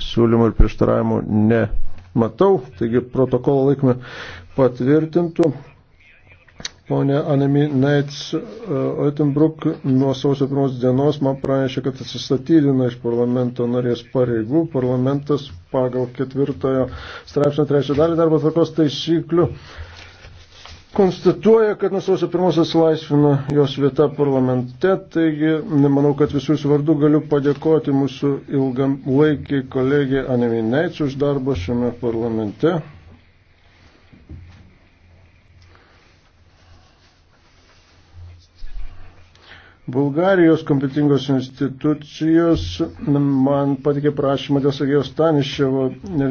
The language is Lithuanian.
pasiūlymų ir prieštaravimų nematau, taigi protokolą laikome patvirtintų. Pone Anemi Neitz e, Oitenbruk nuo sausio pirmos dienos man pranešė, kad atsistatydina iš parlamento narės pareigų. Parlamentas pagal ketvirtojo straipsnio trečią dalį darbo tvarkos taisyklių konstatuoja, kad nuo sausio pirmos atsilaisvino jos vieta parlamente, taigi manau, kad visų jūsų vardų galiu padėkoti mūsų ilgam laikį kolegiją Anemineic už darbą šiame parlamente. Bulgarijos kompetingos institucijos man patikė prašymą dėl Sergejaus Staniševo